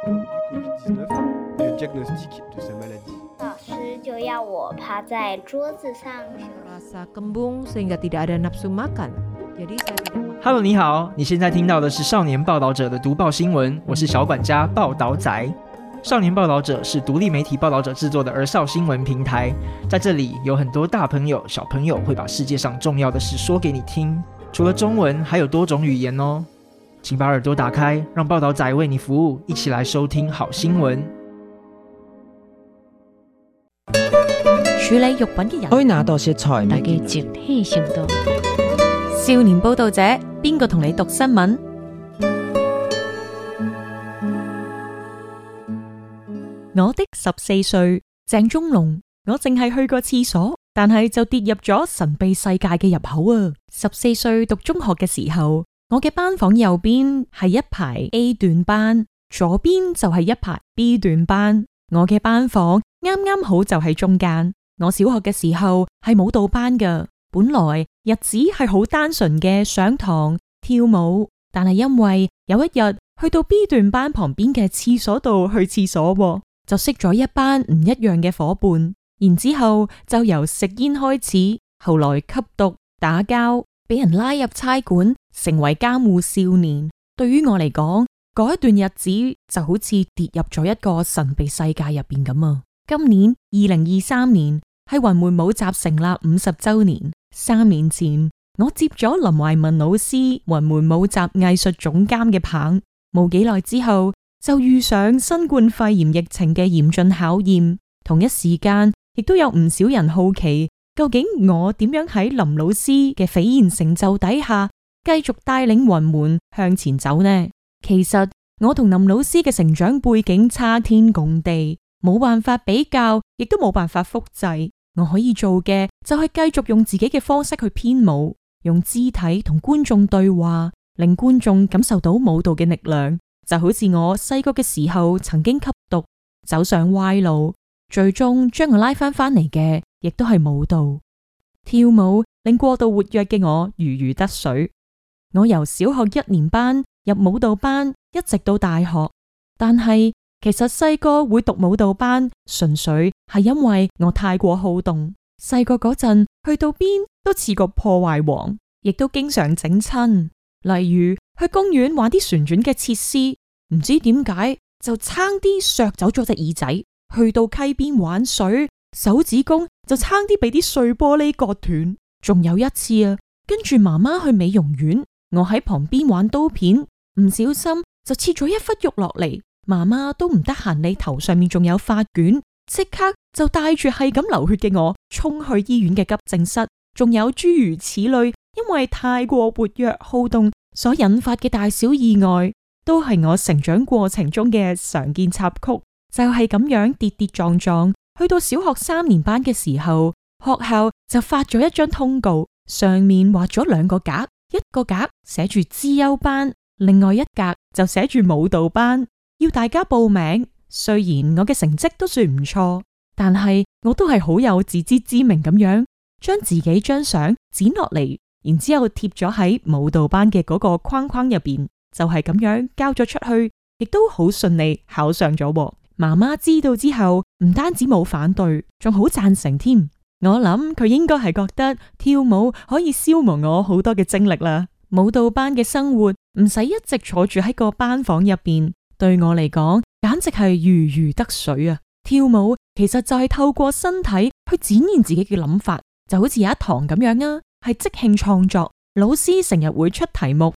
老師就要我趴在桌子上。我覺得腫脹，所以並沒有任何食慾。Hello，你好，你現在聽到的是少年報導者的讀報新聞，我是小管家報導仔。少年報導者是獨立媒體報導者製作的兒少新聞平台，在這裡有很多大朋友小朋友會把世界上重要的事說給你聽，除了中文，還有多種語言哦。請把耳朵打開，讓報導仔為你服務，一起來收聽好新聞。處理藥品嘅人開那朵食材。第幾節？聽唔到。少年報導者，邊個同你讀新聞？ 我的十四歲，鄭宗龍，我淨係去過廁所，但係就跌入咗神秘世界嘅入口啊！十四歲讀中學嘅時候，我嘅班房右邊係一排 A 段班，左邊就係一排 B 段班。我嘅班房啱啱好就喺中間。我小學嘅時候係舞蹈班㗎，本來日子係好單純嘅上堂跳舞，但係因為有一日去到 B 段班旁邊嘅廁所度去廁所喎，就認識咗一班唔一樣嘅伙伴，然之後就由食煙開始，後來吸毒、打交。俾人拉入差館，成為觀護少年。對於我嚟講，嗰一段日子就好似跌入咗一個神秘世界入面咁啊！今年二零二三年係雲門舞集成立五十周年。三年前，我接咗林懷民老師雲門舞集藝術總監嘅棒，冇幾耐之後就遇上新冠肺炎疫情嘅嚴峻考驗。同一時間，亦都有唔少人好奇。究竟我點樣喺林老師嘅斐然成就底下繼續帶領雲門向前走呢？其實我同林老師嘅成長背景差天共地，冇辦法比較，亦都冇辦法複製。我可以做嘅就係繼續用自己嘅方式去編舞，用肢體同觀眾對話，令觀眾感受到舞蹈嘅力量。就好似我細個嘅時候曾經吸毒，走上歪路，最終將我拉翻翻嚟嘅。亦都係舞蹈、跳舞令過度活躍嘅我如魚得水。我由小學一年班入舞蹈班，一直到大學。但係其實細個會讀舞蹈班，純粹係因為我太過好動。細個嗰陣去到邊都似個破壞王，亦都經常整親。例如去公園玩啲旋轉嘅設施，唔知點解就差啲削走咗隻耳仔。去到溪邊玩水，手指公。就差啲俾啲碎玻璃割斷，仲有一次啊，跟住媽媽去美容院，我喺旁邊玩刀片，唔小心就切咗一忽肉落嚟，媽媽都唔得閒，你頭上面仲有髮捲，即刻就帶住係咁流血嘅我衝去醫院嘅急症室，仲有諸如此類，因為太過活躍好動所引發嘅大小意外，都係我成長過程中嘅常見插曲，就係咁樣跌跌撞撞。去到小學三年班嘅時候，學校就發咗一張通告，上面畫咗兩個格，一個格寫住資優班，另外一格就寫住舞蹈班，要大家報名。雖然我嘅成績都算唔錯，但係我都係好有自知之明咁樣，將自己張相剪落嚟，然之後貼咗喺舞蹈班嘅嗰個框框入邊，就係咁樣交咗出去，亦都好順利考上咗。媽媽知道之後，唔單止冇反對，仲好贊成添。我諗佢應該係覺得跳舞可以消磨我好多嘅精力啦。舞蹈班嘅生活唔使一直坐住喺個班房入邊，對我嚟講簡直係如魚得水啊！跳舞其實就係透過身體去展現自己嘅諗法，就好似有一堂咁樣啊，係即興創作。老師成日會出題目，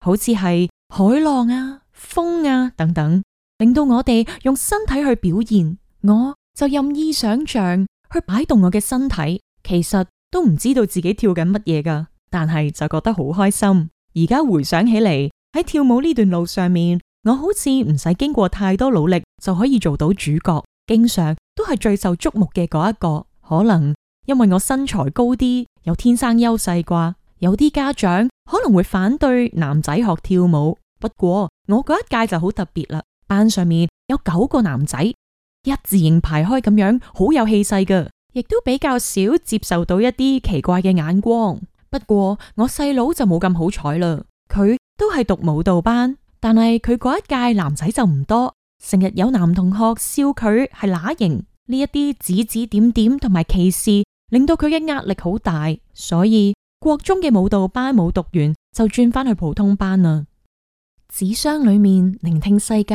好似係海浪啊、風啊等等。令到我哋用身體去表現，我就任意想象去擺動我嘅身體，其實都唔知道自己跳緊乜嘢噶，但係就覺得好開心。而家回想起嚟，喺跳舞呢段路上面，我好似唔使經過太多努力就可以做到主角，經常都係最受矚目嘅嗰一個。可能因為我身材高啲，有天生優勢啩。有啲家長可能會反對男仔學跳舞，不過我嗰一屆就好特別啦。班上面有九個男仔，一字形排開咁樣，好有氣勢噶，亦都比較少接受到一啲奇怪嘅眼光。不過我細佬就冇咁好彩啦，佢都係讀舞蹈班，但係佢嗰一屆男仔就唔多，成日有男同學笑佢係乸型，呢一啲指指點點同埋歧視，令到佢嘅壓力好大，所以國中嘅舞蹈班冇讀完就轉翻去普通班啦。紙箱裏面聆聽世界，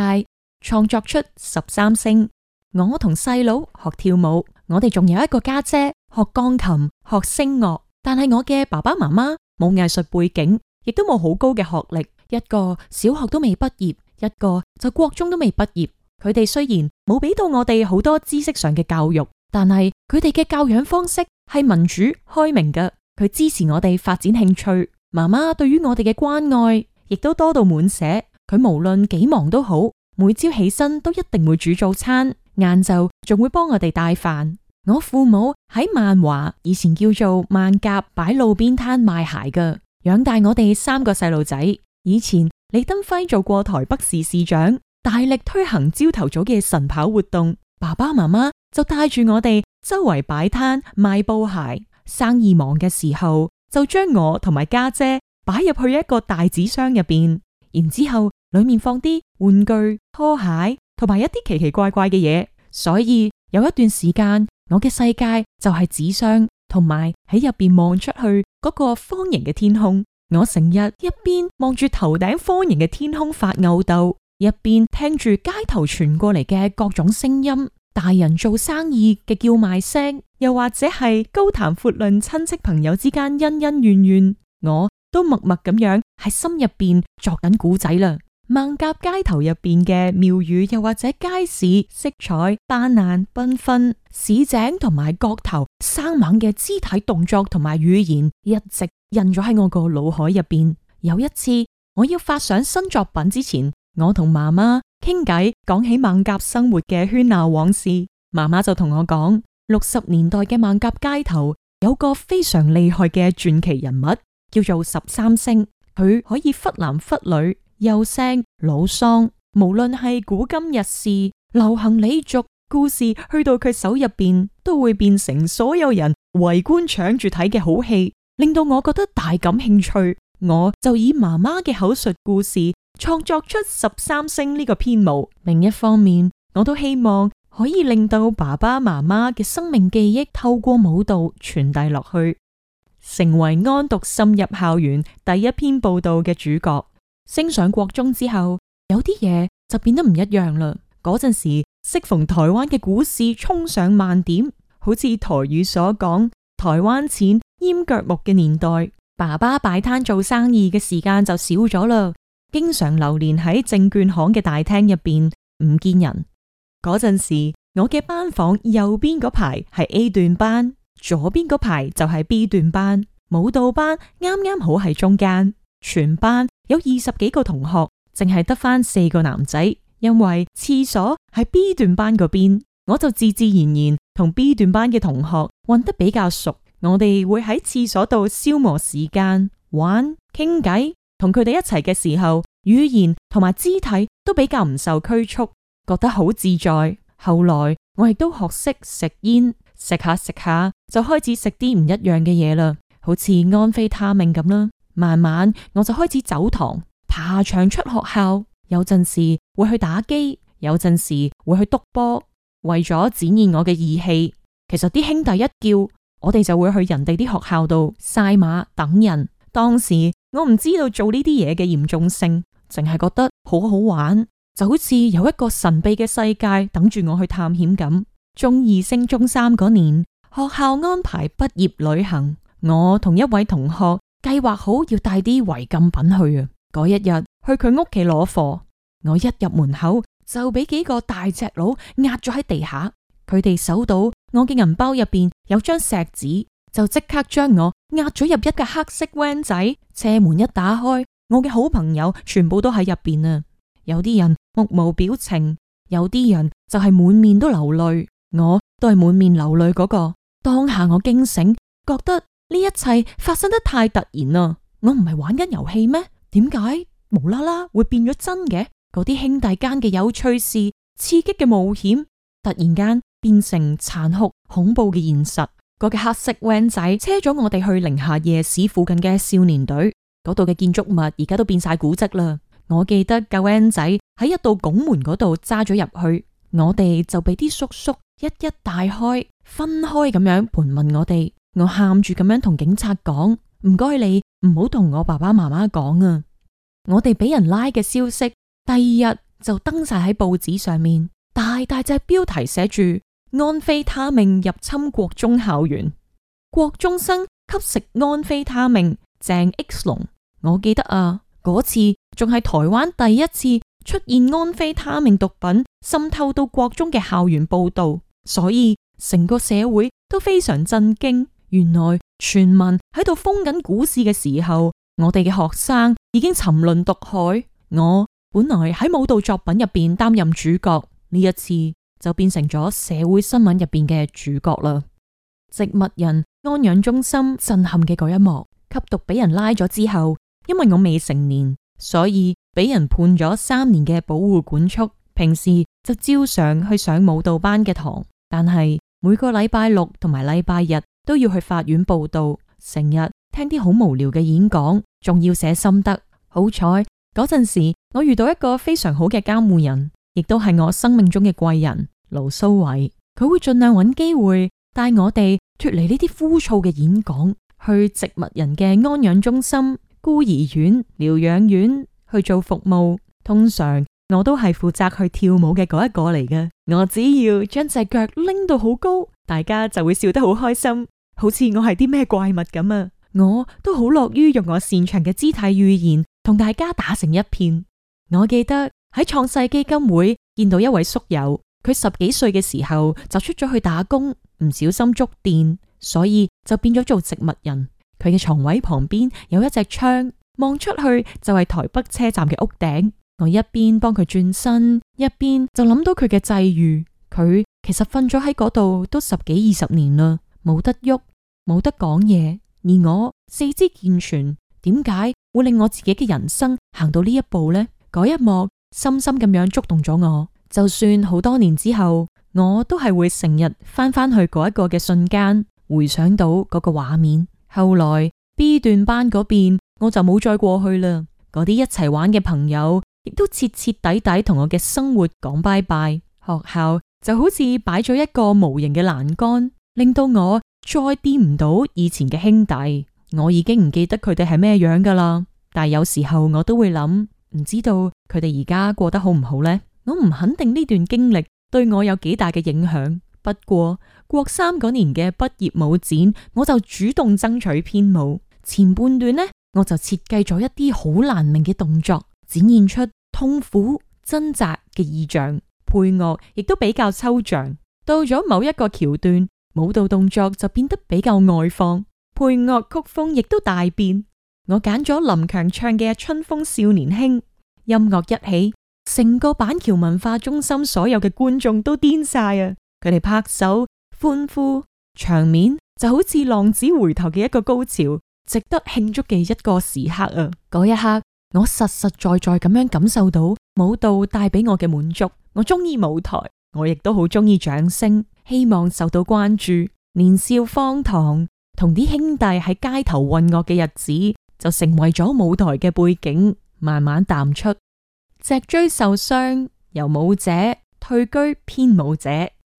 創作出十三聲。我同細佬學跳舞，我哋仲有一個家姐學鋼琴學聲樂。但係我嘅爸爸媽媽冇藝術背景，亦都冇好高嘅學歷，一個小學都未畢業，一個就國中都未畢業。佢哋雖然冇俾到我哋好多知識上嘅教育，但係佢哋嘅教養方式係民主開明嘅。佢支持我哋發展興趣。媽媽對於我哋嘅關愛。亦都多到滿瀉，佢無論幾忙都好，每朝起身都一定會煮早餐，晏晝仲會幫我哋帶飯。我父母喺萬華，以前叫做艋舺擺邊攤，擺路邊攤賣鞋㗎，養大我哋三個細路仔。以前李登輝做過台北市市長，大力推行朝頭早嘅晨跑活動，爸爸媽媽就帶住我哋周圍擺攤賣布鞋，生意忙嘅時候就將我同埋家姐，姐。擺入去一個大紙箱入邊，然之後裏面放啲玩具、拖鞋同埋一啲奇奇怪怪嘅嘢。所以有一段時間，我嘅世界就係紙箱同埋喺入邊望出去嗰個方形嘅天空。我成日一邊望住頭頂方形嘅天空發吽斗，一邊聽住街頭傳過嚟嘅各種聲音，大人做生意嘅叫賣聲，又或者係高談闊論親戚朋友之間恩恩怨怨。我。都默默咁樣喺心入邊作緊故仔啦。艋舺街頭入邊嘅廟宇，又或者街市色彩斑斕繽紛，市井同埋角頭生猛嘅肢體動作同埋語言，一直印咗喺我個腦海入邊。有一次，我要發想新作品之前，我同媽媽傾偈，講起艋舺生活嘅喧鬧往事。媽媽就同我講，六十年代嘅艋舺街頭有個非常厲害嘅傳奇人物。叫做十三聲，佢可以忽男忽女，又聲老桑。無論係古今、日事、流行李、俚俗故事，去到佢手入邊，都會變成所有人圍觀搶住睇嘅好戲，令到我覺得大感興趣。我就以媽媽嘅口述故事創作出「十三聲」呢個編舞。另一方面，我都希望可以令到爸爸媽媽嘅生命記憶透過舞蹈傳遞落去。成為安毒滲入校園第一篇報道嘅主角。升上國中之後，有啲嘢就變得唔一樣啦。嗰陣時，適逢台灣嘅股市衝上萬點，好似台語所講，台灣錢淹腳目嘅年代。爸爸擺攤做生意嘅時間就少咗啦，經常流連喺證券行嘅大廳入邊，唔見人。嗰陣時，我嘅班房右邊嗰排係 A 段班。左邊嗰排就係 B 段班舞蹈班，啱啱好係中間。全班有二十幾個同學，淨係得翻四個男仔。因為廁所係 B 段班嗰邊，我就自自然然同 B 段班嘅同學混得比較熟。我哋會喺廁所度消磨時間，玩、傾偈，同佢哋一齊嘅時候，語言同埋肢體都比較唔受拘束，覺得好自在。後來我亦都學識食煙。食下食下就開始食啲唔一樣嘅嘢啦，好似安非他命咁啦。慢慢我就開始走堂，爬牆出學校。有陣時會去打機，有陣時會去督波，為咗展現我嘅義氣。其實啲兄弟一叫，我哋就會去人哋啲學校度曬馬等人。當時我唔知道做呢啲嘢嘅嚴重性，淨係覺得好好玩，就好似有一個神秘嘅世界等住我去探險咁。中二升中三嗰年，學校安排畢業旅行，我同一位同學計劃好要帶啲違禁品去啊。嗰一日去佢屋企攞貨，我一入門口就俾幾個大隻佬壓咗喺地下。佢哋搜到我嘅銀包入邊有張錫紙，就即刻將我壓咗入一個黑色 van 仔。車門一打開，我嘅好朋友全部都喺入邊啊！有啲人目無表情，有啲人就係滿面都流淚。我都係滿面流淚嗰、嗰個。當下我驚醒，覺得呢一切發生得太突然啦。我唔係玩緊遊戲咩？點解無啦啦會變咗真嘅？嗰啲兄弟間嘅有趣事、刺激嘅冒險，突然間變成殘酷、恐怖嘅現實。嗰個嘅黑色 van 仔車咗我哋去寧夏夜市附近嘅少年隊嗰度嘅建築物，而家都變晒古蹟啦。我記得個 van 仔喺一道拱門嗰度揸咗入去，我哋就俾啲叔叔，一一大開，分開咁樣盤問我哋。我喊住咁樣同警察講：唔該你唔好同我爸爸媽媽講啊！我哋俾人拉嘅消息，第二日就登晒喺報紙上面，大大隻標題寫住安非他命入侵國中校園，國中生吸食安非他命。鄭 X 龍。我記得啊，嗰次仲係台灣第一次出現安非他命毒品滲透到國中嘅校園報道。所以成個社會都非常震驚。原來全民喺度瘋緊股市嘅時候，我哋嘅學生已經沉淪毒海。我本來喺舞蹈作品入邊擔任主角，呢一次就變成咗社會新聞入邊嘅主角啦。植物人安養中心震撼嘅嗰一幕，吸毒俾人拉咗之後，因為我未成年，所以俾人判咗三年嘅保護管束。平時就照常去上舞蹈班嘅堂，但係每個禮拜六同埋禮拜日都要去法院報到，成日聽啲好無聊嘅演講，仲要寫心得。好彩嗰陣時我遇到一個非常好嘅監護人，亦都係我生命中嘅貴人盧蘇偉，佢會盡量揾機會帶我哋脫離呢啲枯燥嘅演講，去植物人嘅安養中心、孤兒院、療養院去做服務，通常。我都係負責去跳舞嘅嗰一個嚟嘅，我只要將隻腳拎到好高，大家就會笑得好開心，好似我係啲咩怪物咁啊！我都好樂於用我擅長嘅姿態語言同大家打成一片。我記得喺創世基金會見到一位宿友，佢十幾歲嘅時候就出咗去打工，唔小心觸電，所以就變咗做植物人。佢嘅床位旁邊有一隻窗，望出去就係台北車站嘅屋頂。我一邊幫佢轉身，一邊就諗到佢嘅際遇。佢其實瞓咗喺嗰度都十幾二十年啦，冇得喐，冇得講嘢。而我四肢健全，點解會令我自己嘅人生行到呢一步呢？嗰一幕深深咁樣觸動咗我。就算好多年之後，我都係會成日翻翻去嗰一個嘅瞬間，回想到嗰個畫面。後來 B 段班嗰邊，我就冇再過去啦。嗰啲一齊玩嘅朋友。亦都徹徹底底同我嘅生活講拜拜。學校就好似擺咗一個無形嘅欄杆，令到我再掂唔到以前嘅兄弟。我已經唔記得佢哋係咩樣噶啦。但係有時候我都會諗，唔知道佢哋而家過得好唔好呢？我唔肯定呢段經歷對我有幾大嘅影響。不過國三嗰年嘅畢業舞展，我就主動爭取編舞。前半段呢，我就設計咗一啲好難明嘅動作。展現出痛苦掙扎嘅意象，配樂亦都比較抽象。到咗某一個橋段，舞蹈動作就變得比較外放，配樂曲風亦都大變。我揀咗林強唱嘅《春風少年兄》，音樂一起，成個板橋文化中心所有嘅觀眾都癲晒啊！佢哋拍手歡呼，場面就好似浪子回頭嘅一個高潮，值得慶祝嘅一個時刻啊！嗰一刻，我實實在在咁樣感受到舞蹈帶俾我嘅滿足，我中意舞台，我亦都好中意掌聲，希望受到關注。年少荒唐，同啲兄弟喺街頭混樂嘅日子，就成為咗舞台嘅背景，慢慢淡出。脊椎受傷，由舞者退居編舞者。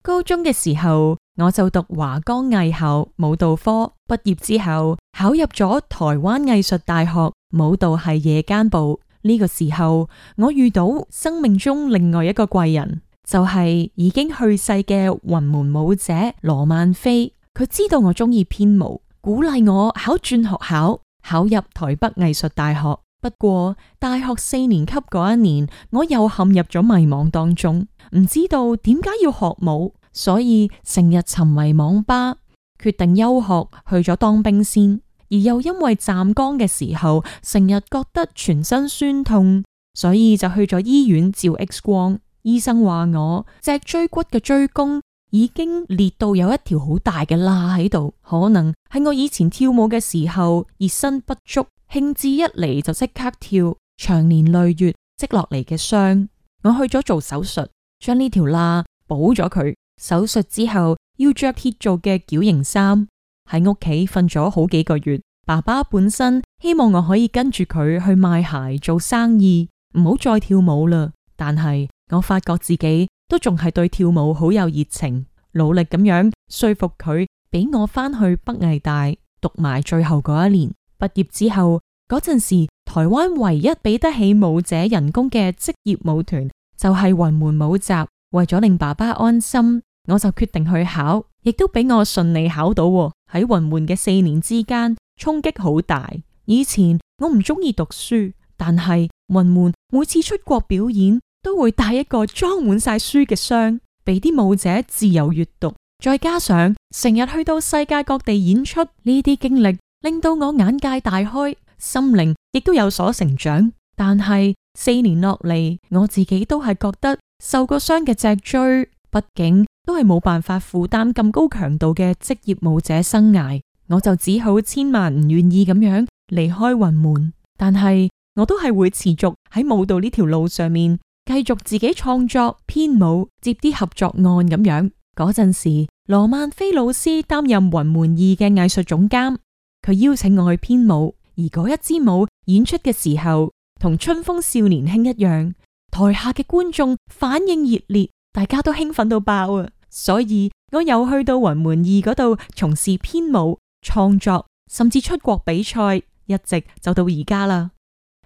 高中嘅時候，我就讀華岡藝校舞蹈科，畢業之後考入咗台灣藝術大學。舞蹈系夜間部呢，這個時候，我遇到生命中另外一個貴人，就係、是、已經去世嘅雲門舞者羅曼菲。佢知道我中意編舞，鼓勵我考轉學考，考入台北藝術大學。不過大學四年級嗰一年，我又陷入咗迷茫當中，唔知道點解要學舞，所以成日沉迷網吧，決定休學去咗當兵先。而又因為站崗嘅時候成日覺得全身酸痛，所以就去咗醫院照 X 光。醫生話我脊椎骨嘅椎弓已經裂到有一條好大嘅罅喺度，可能係我以前跳舞嘅時候熱身不足，興致一嚟就即刻跳，長年累月積落嚟嘅傷。我去咗做手術，將呢條罅補咗佢。手術之後要着鐵做嘅矯形衫。喺屋企瞓咗好幾個月。爸爸本身希望我可以跟住佢去賣鞋做生意，唔好再跳舞啦。但係我發覺自己都仲係對跳舞好有熱情，努力咁樣說服佢俾我返去北藝大讀埋最後嗰一年。畢業之後嗰陣時候，台灣唯一俾得起舞者人工嘅職業舞團就係雲門舞集。為咗令爸爸安心，我就決定去考，亦都俾我順利考到。喺雲門嘅四年之間，衝擊好大。以前我唔鍾意讀書，但係雲門每次出國表演都會帶一個裝滿晒書嘅箱，俾啲舞者自由閱讀。再加上成日去到世界各地演出，呢啲經歷令到我眼界大開，心靈亦都有所成長。但係四年落嚟，我自己都係覺得受過傷嘅脊椎，畢竟，都係冇辦法負擔咁高強度嘅職業舞者生涯，我就只好千萬唔願意咁樣離開雲門。但係我都係會持續喺舞蹈呢條路上面繼續自己創作編舞，接啲合作案咁樣。嗰陣時，羅曼菲老師擔任雲門二嘅藝術總監，佢邀請我去編舞，而嗰一支舞演出嘅時候，同《春風少年輕》一樣，台下嘅觀眾反應熱烈。大家都興奮到爆啊！所以我又去到雲門二嗰度從事編舞創作，甚至出國比賽，一直就到而家啦。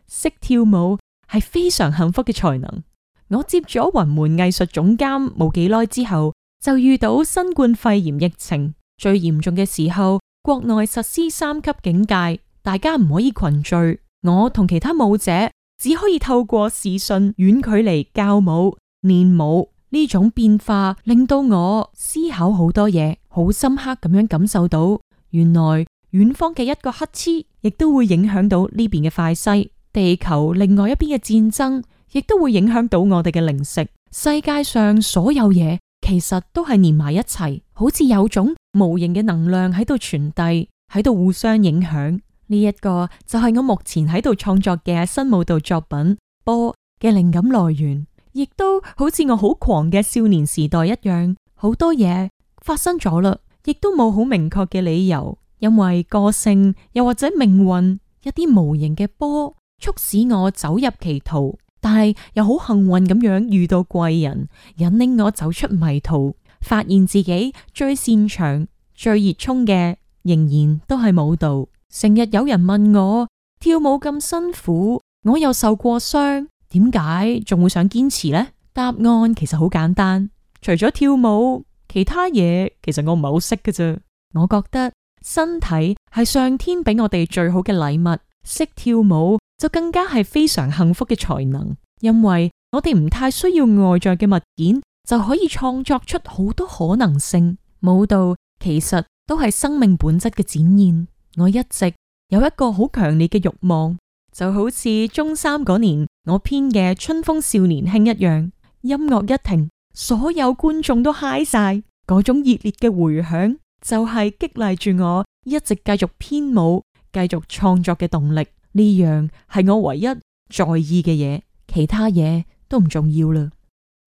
識跳舞係非常幸福嘅才能。我接咗雲門藝術總監冇幾耐之後，就遇到新冠肺炎疫情。最嚴重嘅時候，國內實施三級警戒，大家唔可以群聚。我同其他舞者只可以透過視訊遠距離教舞、練舞。呢種變化令到我思考好多嘢，好深刻咁樣感受到，原來遠方嘅一個黑黐，亦都會影響到呢邊嘅快西；地球另外一邊嘅戰爭，亦都會影響到我哋嘅零食。世界上所有嘢其實都係連埋一齊，好似有種無形嘅能量喺度傳遞，喺度互相影響。呢、這、一個就係我目前喺度創作嘅新舞蹈作品《波》嘅靈感來源。亦都好似我好狂嘅少年時代一樣，好多嘢發生咗嘞，亦都冇好明確嘅理由，因為個性又或者命運一啲無形嘅波促使我走入歧途，但係又好幸運咁樣遇到貴人，引領我走出迷途，發現自己最擅長、最熱衷嘅仍然都係舞蹈。成日有人問我跳舞咁辛苦，我又受過傷。點解仲會想堅持呢？答案其實好簡單，除咗跳舞，其他嘢其實我唔係好識嘅。啫，我覺得身體係上天俾我哋最好嘅禮物，識跳舞就更加係非常幸福嘅才能。因為我哋唔太需要外在嘅物件，就可以創作出好多可能性。舞蹈其實都係生命本質嘅展現。我一直有一個好強烈嘅欲望，就好似中三嗰年。我編嘅《春風少年興》一樣，音樂一停，所有觀眾都嗨晒，嗰種熱烈嘅迴響就係激勵住我一直繼續編舞、繼續創作嘅動力。呢樣係我唯一在意嘅嘢，其他嘢都唔重要啦。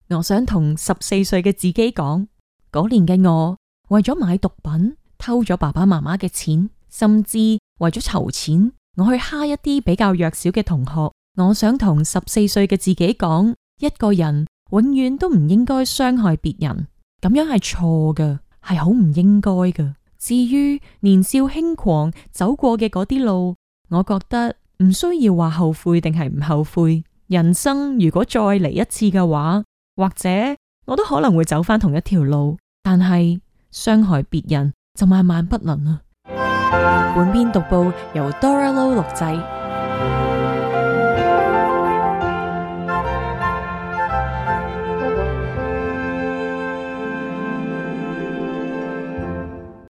我想同十四歲嘅自己講，嗰年嘅我為咗買毒品，偷咗爸爸媽媽嘅錢，甚至為咗籌錢，我去蝦一啲比較弱小嘅同學。我想同十四歲嘅自己講，一個人永遠都唔應該傷害別人，咁樣係錯嘅，係好唔應該嘅。至於年少輕狂走過嘅嗰啲路，我覺得唔需要話後悔定係唔後悔。人生如果再嚟一次嘅話，或者我都可能會走返同一條路，但係傷害別人就萬萬不能啦。本篇讀報由 Dora Low 錄製。